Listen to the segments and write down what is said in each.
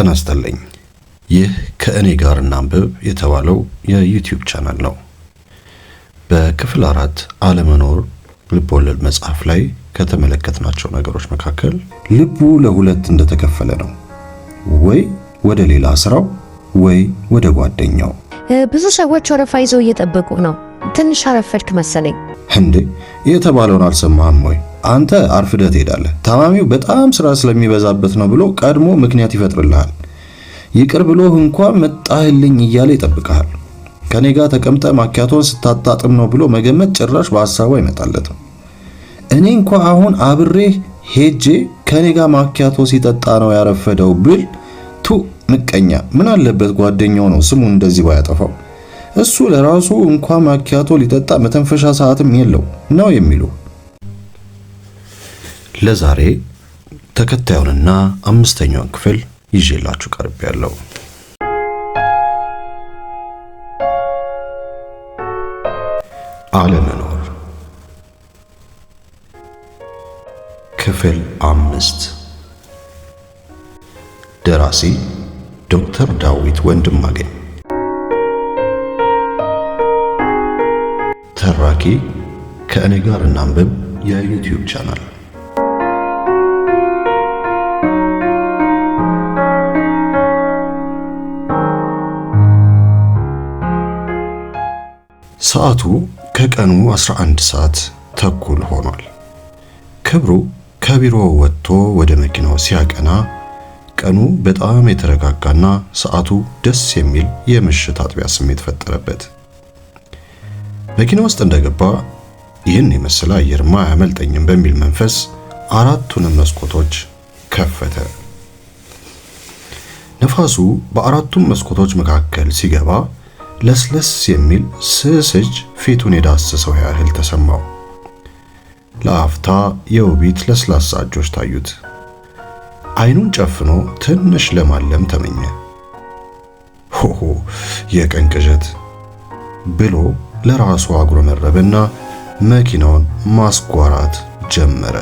ጤና ይህ ከእኔ ጋር እናንብብ የተባለው የዩቲዩብ ቻናል ነው። በክፍል አራት አለመኖር ልቦለድ መጽሐፍ ላይ ከተመለከትናቸው ነገሮች መካከል ልቡ ለሁለት እንደተከፈለ ነው። ወይ ወደ ሌላ ስራው፣ ወይ ወደ ጓደኛው። ብዙ ሰዎች ወረፋ ይዘው እየጠበቁ ነው። ትንሽ አረፈድክ መሰለኝ። እንዴ የተባለውን አልሰማህም ወይ? አንተ አርፍደህ ትሄዳለህ። ታማሚው በጣም ስራ ስለሚበዛበት ነው ብሎ ቀድሞ ምክንያት ይፈጥርልሃል። ይቅር ብሎህ እንኳ መጣህልኝ እያለ ይጠብቅሃል። ከኔ ጋር ተቀምጠ ማኪያቶን ስታጣጥም ነው ብሎ መገመት ጭራሽ በሐሳቡ አይመጣለትም። እኔ እንኳ አሁን አብሬ ሄጄ ከኔ ጋር ማኪያቶ ሲጠጣ ነው ያረፈደው ብል ቱ ምቀኛ ምን አለበት ጓደኛው ነው ስሙ እንደዚህ ባያጠፋው እሱ ለራሱ እንኳ ማኪያቶ ሊጠጣ መተንፈሻ ሰዓትም የለው ነው የሚሉ ለዛሬ ተከታዩንና አምስተኛውን ክፍል ይዤላችሁ ያለው አለመኖር ክፍል አምስት ደራሲ ዶክተር ዳዊት ወንድማገኝ ተራኪ ከእኔ ጋር እናንብብ የዩቲዩብ ቻናል ሰዓቱ ከቀኑ 11 ሰዓት ተኩል ሆኗል። ክብሩ ከቢሮ ወጥቶ ወደ መኪናው ሲያቀና ቀኑ በጣም የተረጋጋና ሰዓቱ ደስ የሚል የምሽት አጥቢያ ስሜት ፈጠረበት። መኪና ውስጥ እንደገባ ይህን የመሰለ አየርማ አያመልጠኝም በሚል መንፈስ አራቱንም መስኮቶች ከፈተ። ነፋሱ በአራቱም መስኮቶች መካከል ሲገባ ለስለስ የሚል ስስ እጅ ፊቱን የዳሰሰው ያህል ተሰማው። ለአፍታ የውቢት ለስላሳ እጆች ታዩት። አይኑን ጨፍኖ ትንሽ ለማለም ተመኘ። ሆሆ የቀን ቅዠት ብሎ ለራሱ አጉረመረበና መኪናውን ማስጓራት ጀመረ።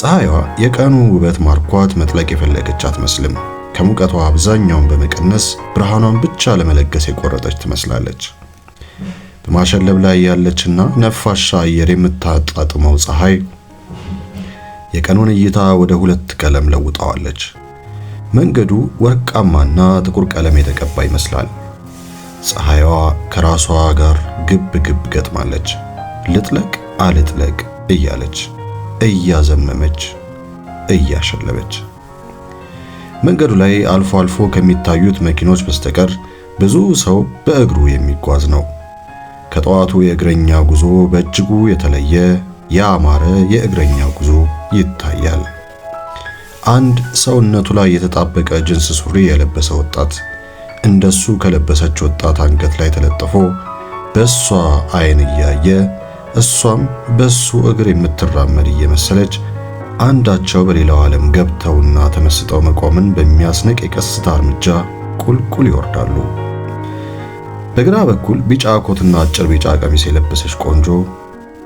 ፀሐይዋ የቀኑ ውበት ማርኳት መጥለቅ የፈለገች አትመስልም። ከሙቀቷ አብዛኛውን በመቀነስ ብርሃኗን ብቻ ለመለገስ የቆረጠች ትመስላለች። በማሸለብ ላይ ያለችና ነፋሻ አየር የምታጣጥመው ፀሐይ የቀኑን እይታ ወደ ሁለት ቀለም ለውጣዋለች። መንገዱ ወርቃማና ጥቁር ቀለም የተቀባ ይመስላል። ፀሐይዋ ከራሷ ጋር ግብ ግብ ገጥማለች። ልጥለቅ አልጥለቅ እያለች እያዘመመች እያሸለበች መንገዱ ላይ አልፎ አልፎ ከሚታዩት መኪኖች በስተቀር ብዙ ሰው በእግሩ የሚጓዝ ነው። ከጠዋቱ የእግረኛ ጉዞ በእጅጉ የተለየ ያማረ የእግረኛ ጉዞ ይታያል። አንድ ሰውነቱ ላይ የተጣበቀ ጅንስ ሱሪ የለበሰ ወጣት እንደሱ ከለበሰች ወጣት አንገት ላይ ተለጥፎ በእሷ አይን እያየ እሷም በሱ እግር የምትራመድ እየመሰለች አንዳቸው በሌላው ዓለም ገብተውና ተመስጠው መቆምን በሚያስንቅ የቀስታ እርምጃ ቁልቁል ይወርዳሉ። በግራ በኩል ቢጫ ኮትና አጭር ቢጫ ቀሚስ የለበሰች ቆንጆ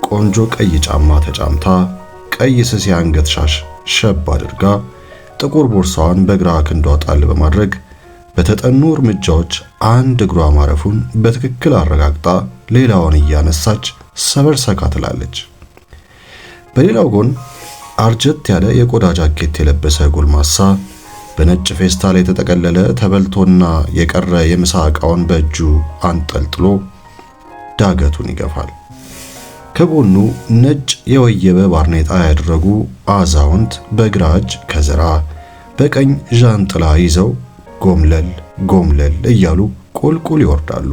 ቆንጆ ቀይ ጫማ ተጫምታ ቀይ ስስ የአንገት ሻሽ ሸብ አድርጋ ጥቁር ቦርሳዋን በግራ ክንዷ ጣል በማድረግ በተጠኑ እርምጃዎች አንድ እግሯ ማረፉን በትክክል አረጋግጣ ሌላውን እያነሳች ሰበር ሰካ ትላለች። በሌላው ጎን አርጀት ያለ የቆዳ ጃኬት የለበሰ ጎልማሳ በነጭ ፌስታል የተጠቀለለ ተበልቶና የቀረ የምሳ ዕቃውን በእጁ አንጠልጥሎ ዳገቱን ይገፋል። ከጎኑ ነጭ የወየበ ባርኔጣ ያደረጉ አዛውንት በግራ እጅ ከዘራ በቀኝ ዣንጥላ ይዘው ጎምለል ጎምለል እያሉ ቁልቁል ይወርዳሉ።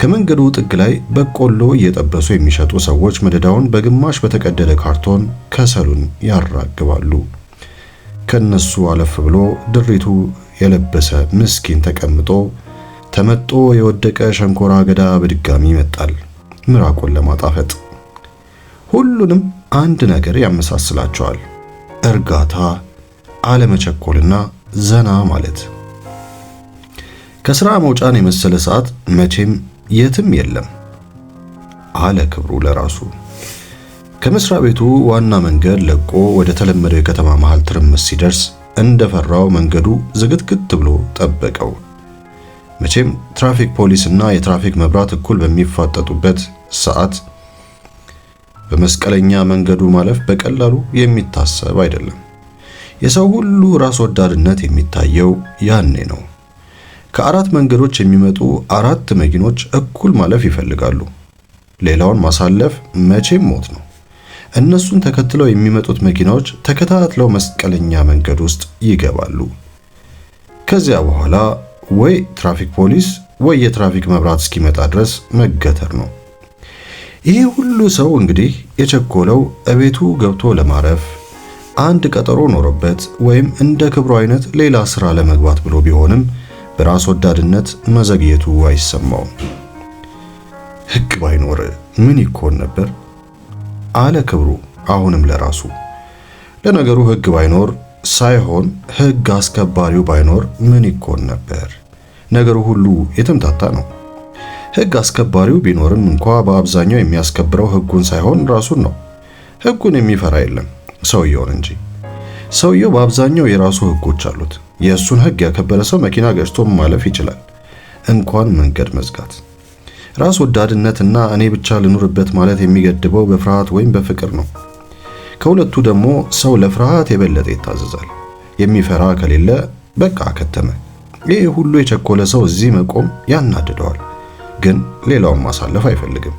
ከመንገዱ ጥግ ላይ በቆሎ እየጠበሱ የሚሸጡ ሰዎች መደዳውን በግማሽ በተቀደደ ካርቶን ከሰሉን ያራግባሉ። ከነሱ አለፍ ብሎ ድሪቱ የለበሰ ምስኪን ተቀምጦ ተመጦ የወደቀ ሸንኮራ አገዳ በድጋሚ ይመጣል ምራቁን ለማጣፈጥ። ሁሉንም አንድ ነገር ያመሳስላቸዋል፤ እርጋታ፣ አለመቸኮልና ዘና ማለት። ከስራ መውጫን የመሰለ ሰዓት መቼም የትም የለም አለ ክብሩ ለራሱ። ከመስሪያ ቤቱ ዋና መንገድ ለቆ ወደ ተለመደው የከተማ መሃል ትርምስ ሲደርስ እንደፈራው መንገዱ ዝግትግት ብሎ ጠበቀው። መቼም ትራፊክ ፖሊስና የትራፊክ መብራት እኩል በሚፋጠጡበት ሰዓት በመስቀለኛ መንገዱ ማለፍ በቀላሉ የሚታሰብ አይደለም። የሰው ሁሉ ራስ ወዳድነት የሚታየው ያኔ ነው። ከአራት መንገዶች የሚመጡ አራት መኪኖች እኩል ማለፍ ይፈልጋሉ። ሌላውን ማሳለፍ መቼም ሞት ነው። እነሱን ተከትለው የሚመጡት መኪናዎች ተከታትለው መስቀለኛ መንገድ ውስጥ ይገባሉ። ከዚያ በኋላ ወይ ትራፊክ ፖሊስ ወይ የትራፊክ መብራት እስኪመጣ ድረስ መገተር ነው። ይሄ ሁሉ ሰው እንግዲህ የቸኮለው እቤቱ ገብቶ ለማረፍ አንድ ቀጠሮ ኖሮበት ወይም እንደ ክብሩ አይነት ሌላ ስራ ለመግባት ብሎ ቢሆንም በራስ ወዳድነት መዘግየቱ አይሰማውም። ሕግ ባይኖር ምን ይኮን ነበር አለ ክብሩ አሁንም ለራሱ። ለነገሩ ሕግ ባይኖር ሳይሆን ሕግ አስከባሪው ባይኖር ምን ይኮን ነበር? ነገሩ ሁሉ የተምታታ ነው። ሕግ አስከባሪው ቢኖርም እንኳ በአብዛኛው የሚያስከብረው ሕጉን ሳይሆን ራሱን ነው። ሕጉን የሚፈራ የለም ሰውየውን እንጂ። ሰውየው በአብዛኛው የራሱ ሕጎች አሉት። የእሱን ሕግ ያከበረ ሰው መኪና ገጭቶ ማለፍ ይችላል፣ እንኳን መንገድ መዝጋት። ራስ ወዳድነት እና እኔ ብቻ ልኑርበት ማለት የሚገድበው በፍርሃት ወይም በፍቅር ነው። ከሁለቱ ደግሞ ሰው ለፍርሃት የበለጠ ይታዘዛል። የሚፈራ ከሌለ በቃ አከተመ። ይህ ሁሉ የቸኮለ ሰው እዚህ መቆም ያናድደዋል፣ ግን ሌላውን ማሳለፍ አይፈልግም።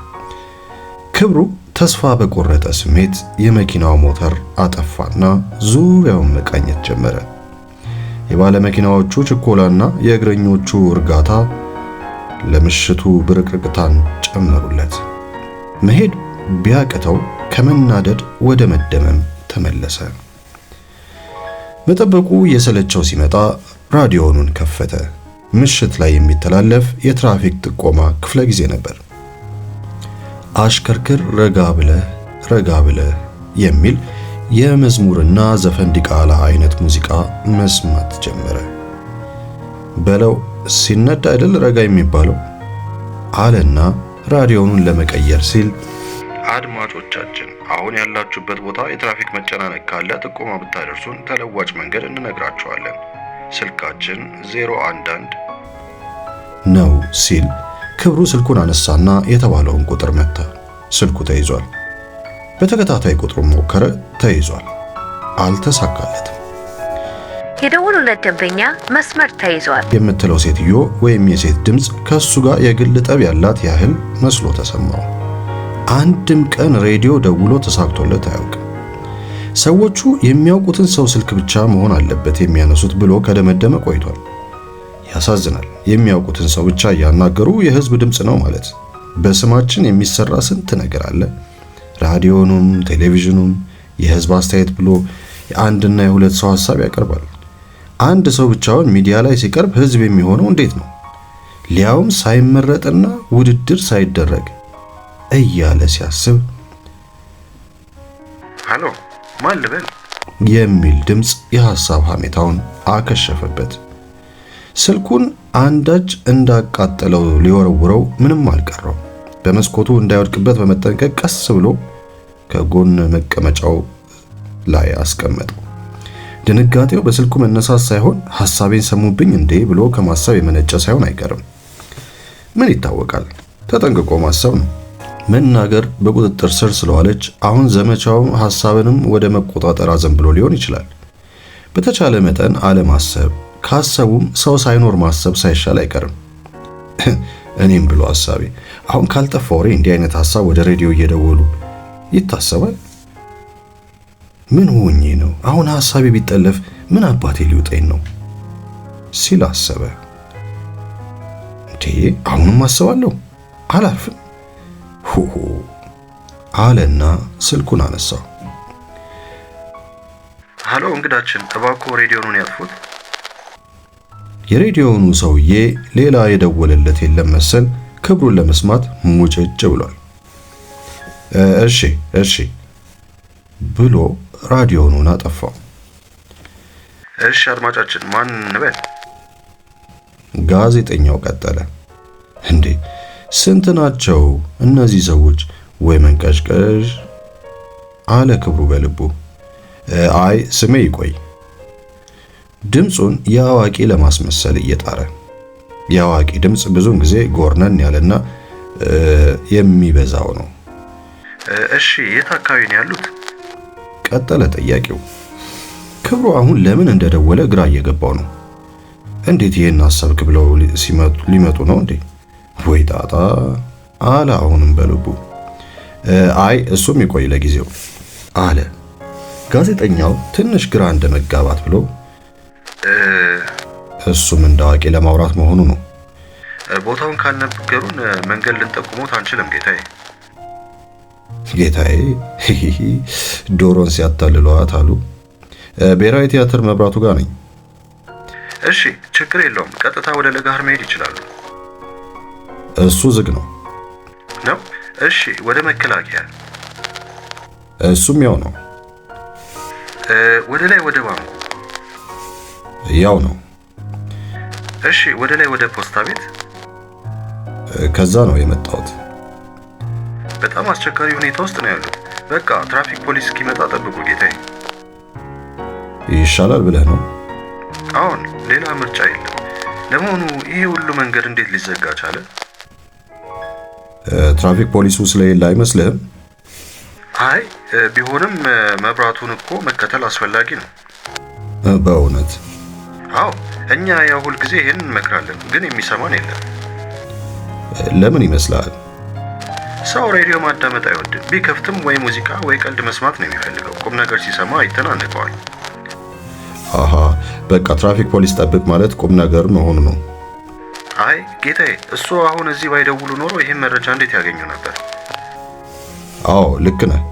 ክብሩ ተስፋ በቆረጠ ስሜት የመኪናው ሞተር አጠፋና ዙሪያውን መቃኘት ጀመረ። የባለመኪናዎቹ ችኮላና የእግረኞቹ እርጋታ ለምሽቱ ብርቅርቅታን ጨመሩለት። መሄድ ቢያቅተው ከመናደድ ወደ መደመም ተመለሰ። መጠበቁ የሰለቸው ሲመጣ ራዲዮኑን ከፈተ። ምሽት ላይ የሚተላለፍ የትራፊክ ጥቆማ ክፍለ ጊዜ ነበር። አሽከርክር ረጋ ብለህ ረጋ ብለህ የሚል የመዝሙርና ዘፈን ዲቃላ አይነት ሙዚቃ መስማት ጀመረ። በለው ሲነዳ አይደል ረጋ የሚባለው አለና ራዲዮኑን ለመቀየር ሲል አድማጮቻችን አሁን ያላችሁበት ቦታ የትራፊክ መጨናነቅ ካለ ጥቆማ ብታደርሱን ተለዋጭ መንገድ እንነግራችኋለን። ስልካችን 011 ነው ሲል ክብሩ ስልኩን አነሳና የተባለውን ቁጥር መታ። ስልኩ ተይዟል። በተከታታይ ቁጥሩ ሞከረ፣ ተይዟል፣ አልተሳካለትም። የደወሉለት ደንበኛ መስመር ተይዟል የምትለው ሴትዮ ወይም የሴት ድምፅ ከሱ ጋር የግል ጠብ ያላት ያህል መስሎ ተሰማው። አንድም ቀን ሬዲዮ ደውሎ ተሳክቶለት አያውቅም። ሰዎቹ የሚያውቁትን ሰው ስልክ ብቻ መሆን አለበት የሚያነሱት ብሎ ከደመደመ ቆይቷል። ያሳዝናል። የሚያውቁትን ሰው ብቻ እያናገሩ የህዝብ ድምፅ ነው ማለት። በስማችን የሚሰራ ስንት ነገር አለ። ራዲዮኑም ቴሌቪዥኑም የህዝብ አስተያየት ብሎ የአንድና የሁለት ሰው ሀሳብ ያቀርባል። አንድ ሰው ብቻውን ሚዲያ ላይ ሲቀርብ ህዝብ የሚሆነው እንዴት ነው? ሊያውም ሳይመረጥና ውድድር ሳይደረግ እያለ ሲያስብ ሄሎ ማን ልበል የሚል ድምፅ የሐሳብ ሐሜታውን አከሸፈበት። ስልኩን አንዳች እንዳቃጠለው ሊወረውረው ምንም አልቀረው። በመስኮቱ እንዳይወድቅበት በመጠንቀቅ ቀስ ብሎ ከጎን መቀመጫው ላይ አስቀመጠው። ድንጋጤው በስልኩ መነሳት ሳይሆን ሐሳቤን ሰሙብኝ እንዴ ብሎ ከማሰብ የመነጨ ሳይሆን አይቀርም። ምን ይታወቃል፣ ተጠንቅቆ ማሰብ ነው። መናገር በቁጥጥር ስር ስለዋለች አሁን ዘመቻው ሐሳብንም ወደ መቆጣጠር ብሎ ሊሆን ይችላል። በተቻለ መጠን አለማሰብ፣ ካሰቡም ሰው ሳይኖር ማሰብ ሳይሻል አይቀርም። እኔም ብሎ ሐሳቢ አሁን ካልጠፋ ወሬ እንዲህ አይነት ሐሳብ ወደ ሬዲዮ እየደወሉ ይታሰባል። ምን ሆኜ ነው አሁን ሐሳቢ ቢጠለፍ ምን አባቴ ሊውጠኝ ነው ሲል አሰበ። እንዴ አሁንም አስባለሁ አላርፍም ሆሆ አለና ስልኩን አነሳው። ሀሎ እንግዳችን እባክዎ ሬዲዮኑን ያጥፉት የሬዲዮኑ ሰውዬ ሌላ የደወለለት የለም መሰል ክብሩን ለመስማት ሙጭጭ ብሏል። እሺ እሺ ብሎ ራዲዮኑን አጠፋው። እሺ አድማጫችን ማን እንበል? ጋዜጠኛው ቀጠለ። እንዴ ስንት ናቸው እነዚህ ሰዎች? ወይ መንቀሽቀሽ አለ ክብሩ በልቡ። አይ ስሜ ይቆይ ድምፁን የአዋቂ ለማስመሰል እየጣረ የአዋቂ ድምፅ ብዙውን ጊዜ ጎርነን ያለና የሚበዛው ነው። እሺ የት አካባቢ ነው ያሉት? ቀጠለ ጠያቂው። ክብሩ አሁን ለምን እንደደወለ ግራ እየገባው ነው። እንዴት ይህን አሰብክ ብለው ሊመጡ ነው እንዴ? ወይ ጣጣ አለ አሁንም በልቡ። አይ እሱም ይቆይ ለጊዜው አለ ጋዜጠኛው ትንሽ ግራ እንደመጋባት ብሎ እሱም እንደ አዋቂ ለማውራት መሆኑ ነው። ቦታውን ካልነገሩን መንገድ ልንጠቁሞት አንችልም ጌታዬ። ጌታዬ ዶሮን ሲያታልሏት አሉ። ብሔራዊ ቲያትር መብራቱ ጋር ነኝ። እሺ ችግር የለውም። ቀጥታ ወደ ለጋህር መሄድ ይችላሉ። እሱ ዝግ ነው ነው። እሺ ወደ መከላከያ፣ እሱም ያው ነው። ወደ ላይ ወደ ባንኩ ያው ነው። እሺ፣ ወደ ላይ ወደ ፖስታ ቤት። ከዛ ነው የመጣሁት። በጣም አስቸጋሪ ሁኔታ ውስጥ ነው ያሉት። በቃ ትራፊክ ፖሊስ እስኪመጣ ጠብቁ ጌታዬ። ይሻላል ብለህ ነው? አሁን ሌላ ምርጫ የለም። ለመሆኑ ይሄ ሁሉ መንገድ እንዴት ሊዘጋ ቻለ? ትራፊክ ፖሊሱ ስለሌለ አይመስልህም? አይ ቢሆንም መብራቱን እኮ መከተል አስፈላጊ ነው በእውነት አዎ እኛ ያው ጊዜ ይህን እንመክራለን፣ ግን የሚሰማን የለም። ለምን ይመስላል? ሰው ሬዲዮ ማዳመጥ አይወድም። ቢከፍትም ወይ ሙዚቃ ወይ ቀልድ መስማት ነው የሚፈልገው። ቁም ነገር ሲሰማ ይተናነቀዋል። አሃ በቃ ትራፊክ ፖሊስ ጠብቅ ማለት ቁም ነገር መሆኑ ነው። አይ ጌታዬ፣ እሱ አሁን እዚህ ባይደውሉ ኖሮ ይህን መረጃ እንዴት ያገኙ ነበር? አዎ ልክ ነህ።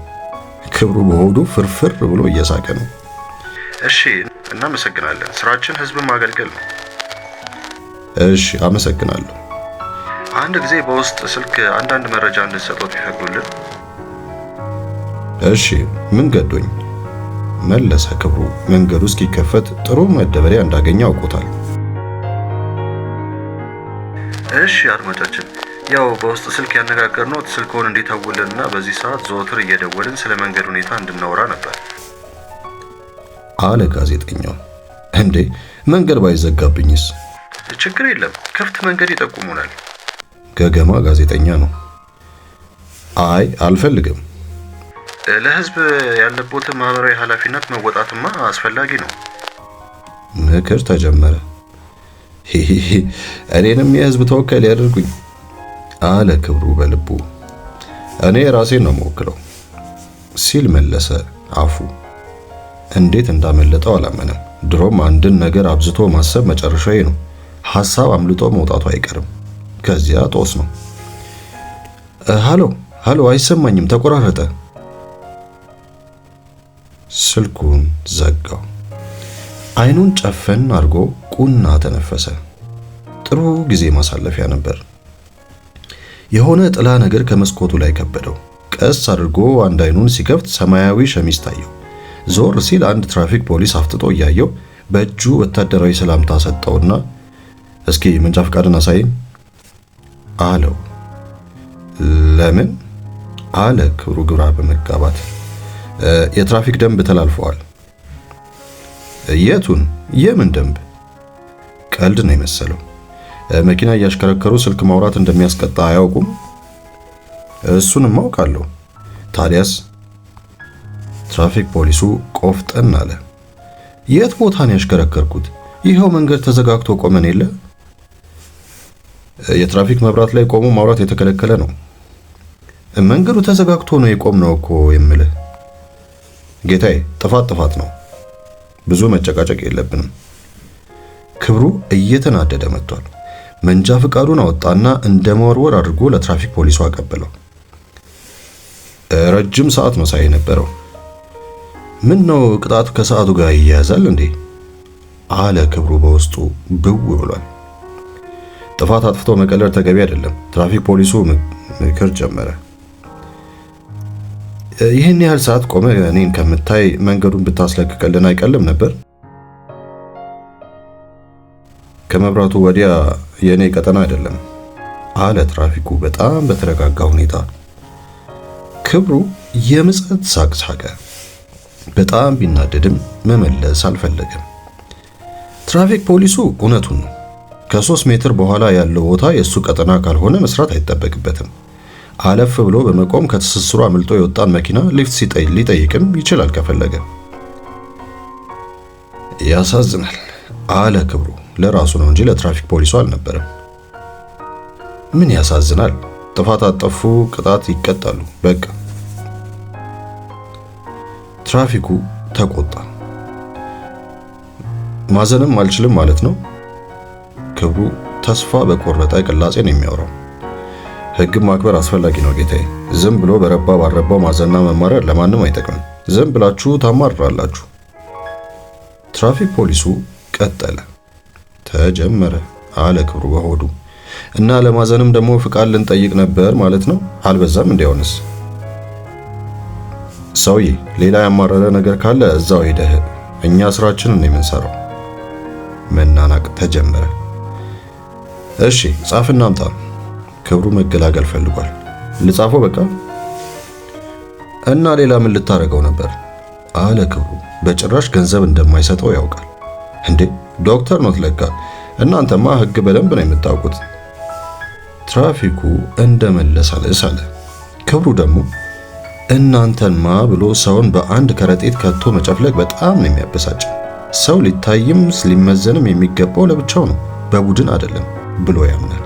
ክብሩ በሆዱ ፍርፍር ብሎ እየሳቀ ነው። እሺ እናመሰግናለን። ስራችን ህዝብን ማገልገል ነው። እሺ፣ አመሰግናለሁ። አንድ ጊዜ በውስጥ ስልክ አንዳንድ መረጃ እንድትሰጡት ይፈቅዱልን? እሺ፣ ምን ገዶኝ መለሰ ክብሩ። መንገዱ እስኪከፈት ጥሩ መደበሪያ እንዳገኘ አውቆታል። እሺ አድማጫችን፣ ያው በውስጥ ስልክ ያነጋገርነው ስልክዎን እንዲተውልንና በዚህ ሰዓት ዘወትር እየደወልን ስለ መንገድ ሁኔታ እንድናወራ ነበር። አለ ጋዜጠኛው። እንዴ መንገድ ባይዘጋብኝስ? ችግር የለም ክፍት መንገድ ይጠቁሙናል። ገገማ ጋዜጠኛ ነው። አይ አልፈልግም። ለህዝብ ያለቦት ማህበራዊ ኃላፊነት መወጣትማ አስፈላጊ ነው። ምክር ተጀመረ። እኔንም የህዝብ ተወካይ ሊያደርጉኝ አለ ክብሩ በልቡ። እኔ ራሴን ነው መወክለው ሲል መለሰ አፉ እንዴት እንዳመለጠው አላመነም። ድሮም አንድን ነገር አብዝቶ ማሰብ መጨረሻዬ ነው። ሐሳብ አምልጦ መውጣቱ አይቀርም። ከዚያ ጦስ ነው። ሃሎ ሃሎ፣ አይሰማኝም፣ ተቆራረጠ። ስልኩን ዘጋው። አይኑን ጨፈን አድርጎ ቁና ተነፈሰ። ጥሩ ጊዜ ማሳለፊያ ነበር። የሆነ ጥላ ነገር ከመስኮቱ ላይ ከበደው። ቀስ አድርጎ አንድ አይኑን ሲከፍት ሰማያዊ ሸሚዝ ታየው። ዞር ሲል አንድ ትራፊክ ፖሊስ አፍጥጦ እያየው በእጁ ወታደራዊ ሰላምታ ሰጠውና እስኪ መንጃ ፈቃድን አሳይን አለው። ለምን አለ ክብሩ ግብራ በመጋባት የትራፊክ ደንብ ተላልፈዋል። የቱን የምን ደንብ? ቀልድ ነው የመሰለው። መኪና እያሽከረከሩ ስልክ ማውራት እንደሚያስቀጣ አያውቁም? እሱንም አውቃለሁ። ታዲያስ ትራፊክ ፖሊሱ ቆፍጠን አለ። የት ቦታ ነው ያሽከረከርኩት? ይኸው መንገድ ተዘጋግቶ ቆመን የለ። የትራፊክ መብራት ላይ ቆሞ ማውራት የተከለከለ ነው። መንገዱ ተዘጋግቶ ነው የቆም ነው እኮ የምልህ። ጌታዬ፣ ጥፋት ጥፋት ነው። ብዙ መጨቃጨቅ የለብንም። ክብሩ እየተናደደ መጥቷል። መንጃ ፍቃዱን አወጣና እንደ መወርወር አድርጎ ለትራፊክ ፖሊሱ አቀበለው። ረጅም ሰዓት መሳይ ነበረው። ምን ነው ቅጣቱ ከሰዓቱ ጋር ይያያዛል እንዴ? አለ ክብሩ በውስጡ ብው ብሏል። ጥፋት አጥፍቶ መቀለር ተገቢ አይደለም። ትራፊክ ፖሊሱ ምክር ጀመረ። ይህን ያህል ሰዓት ቆመ እኔን ከምታይ መንገዱን ብታስለቅቅልን አይቀልም ነበር? ከመብራቱ ወዲያ የእኔ ቀጠና አይደለም አለ ትራፊኩ በጣም በተረጋጋ ሁኔታ። ክብሩ የምጸት ሳቅ ሳቀ። በጣም ቢናደድም መመለስ አልፈለገም። ትራፊክ ፖሊሱ እውነቱን ነው። ከሶስት ሜትር በኋላ ያለው ቦታ የእሱ ቀጠና ካልሆነ መስራት አይጠበቅበትም። አለፍ ብሎ በመቆም ከትስስሩ አምልጦ የወጣን መኪና ሊፍት ሊጠይቅም ይችላል ከፈለገ። ያሳዝናል አለ ክብሩ። ለራሱ ነው እንጂ ለትራፊክ ፖሊሱ አልነበረም። ምን ያሳዝናል? ጥፋት አጠፉ፣ ቅጣት ይቀጣሉ፣ በቃ ትራፊኩ ተቆጣ። ማዘንም አልችልም ማለት ነው። ክብሩ ተስፋ በቆረጠ ቅላጼ ነው የሚያወራው። ህግ ማክበር አስፈላጊ ነው ጌታዬ። ዝም ብሎ በረባ ባረባው ማዘንና መማረር ለማንም አይጠቅምም። ዝም ብላችሁ ታማርራላችሁ። ትራፊክ ፖሊሱ ቀጠለ። ተጀመረ አለ ክብሩ በሆዱ እና ለማዘንም ደግሞ ፍቃድ ልንጠይቅ ነበር ማለት ነው። አልበዛም እንዲያውንስ ሰውዬ ሌላ ያማረረ ነገር ካለ እዛው ሄደህ እኛ ስራችንን ነው የምንሰራው። መናናቅ ተጀመረ። እሺ ጻፍና አምጣ። ክብሩ መገላገል ፈልጓል። ልጻፈው በቃ እና ሌላ ምን ልታደርገው ነበር? አለ ክብሩ። በጭራሽ ገንዘብ እንደማይሰጠው ያውቃል። እንዴ ዶክተር ኖት ለካ። እናንተማ ህግ በደንብ ነው የምታውቁት። ትራፊኩ እንደመለሳለስ አለ። ክብሩ ደግሞ እናንተንማ ብሎ ሰውን በአንድ ከረጢት ከቶ መጨፍለቅ በጣም ነው የሚያበሳጭ። ሰው ሊታይም ሊመዘንም የሚገባው ለብቻው ነው፣ በቡድን አይደለም ብሎ ያምናል።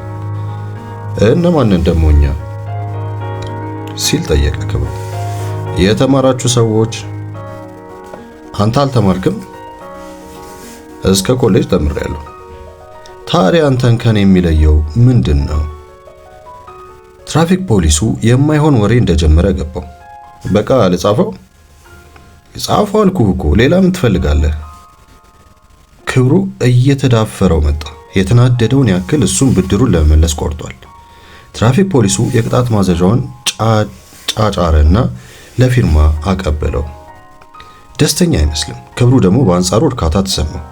እነማንን ደግሞ እኛ ሲል ጠየቀ ክብሩ። የተማራችሁ ሰዎች። አንተ አልተማርክም? እስከ ኮሌጅ ተምሬያለሁ። ታዲያ አንተን ከኔ የሚለየው ምንድን ነው? ትራፊክ ፖሊሱ የማይሆን ወሬ እንደጀመረ ገባው። በቃ ልጻፈው? ጻፈው አልኩህ እኮ ሌላ ምን ትፈልጋለህ? ክብሩ እየተዳፈረው መጣ። የተናደደውን ያክል እሱም ብድሩን ለመመለስ ቆርጧል። ትራፊክ ፖሊሱ የቅጣት ማዘዣውን ጫጫረና ለፊርማ አቀበለው። ደስተኛ አይመስልም። ክብሩ ደግሞ በአንጻሩ እርካታ ተሰማው።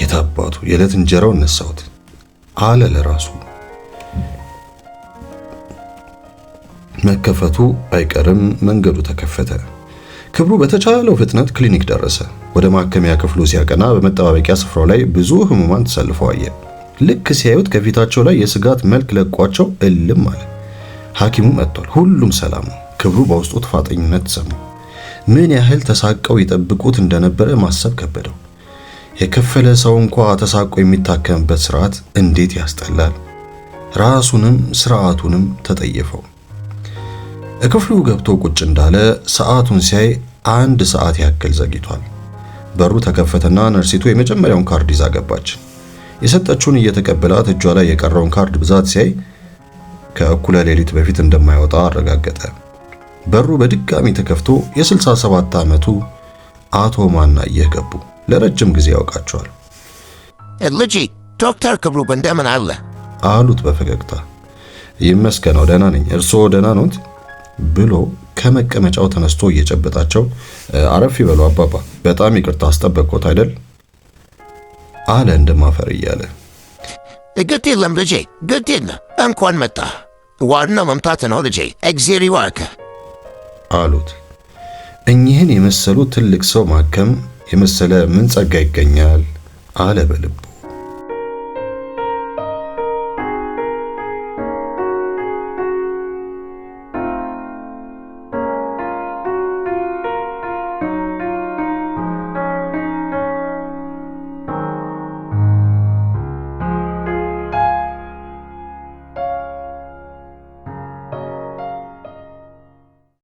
የታባቱ የዕለት እንጀራውን ነሳሁት አለ ለራሱ። መከፈቱ አይቀርም። መንገዱ ተከፈተ። ክብሩ በተቻለው ፍጥነት ክሊኒክ ደረሰ። ወደ ማከሚያ ክፍሉ ሲያቀና በመጠባበቂያ ስፍራው ላይ ብዙ ህሙማን ተሰልፈው አየ። ልክ ሲያዩት ከፊታቸው ላይ የስጋት መልክ ለቋቸው እልም አለ። ሐኪሙ መጥቷል። ሁሉም ሰላም ነው። ክብሩ በውስጡ ጥፋተኝነት ተሰማ። ምን ያህል ተሳቀው ይጠብቁት እንደነበረ ማሰብ ከበደው። የከፈለ ሰው እንኳ ተሳቆ የሚታከምበት ስርዓት እንዴት ያስጠላል! ራሱንም ስርዓቱንም ተጠየፈው። ክፍሉ ገብቶ ቁጭ እንዳለ ሰዓቱን ሲያይ አንድ ሰዓት ያክል ዘግይቷል። በሩ ተከፈተና ነርሲቱ የመጀመሪያውን ካርድ ይዛ ገባች። የሰጠችውን እየተቀበላት እጇ ላይ የቀረውን ካርድ ብዛት ሲያይ ከእኩለ ሌሊት በፊት እንደማይወጣ አረጋገጠ። በሩ በድጋሚ ተከፍቶ የ67 ዓመቱ አቶ ማናየህ ገቡ። ለረጅም ጊዜ ያውቃቸዋል። ልጅ ዶክተር ክብሩ እንደምን አለ አሉት በፈገግታ። ይመስገነው ደህና ነኝ። እርስዎ ደህና ኖት? ብሎ ከመቀመጫው ተነስቶ እየጨበጣቸው አረፍ ይበሉ አባባ፣ በጣም ይቅርታ አስጠበቅኩት አይደል አለ እንደማፈር እያለ። ግድ የለም ልጄ፣ ግድ የለም እንኳን መጣ። ዋናው መምታት ነው ልጄ፣ እግዜር ይዋከ አሉት። እኚህን የመሰሉ ትልቅ ሰው ማከም የመሰለ ምን ጸጋ ይገኛል አለ በልቡ።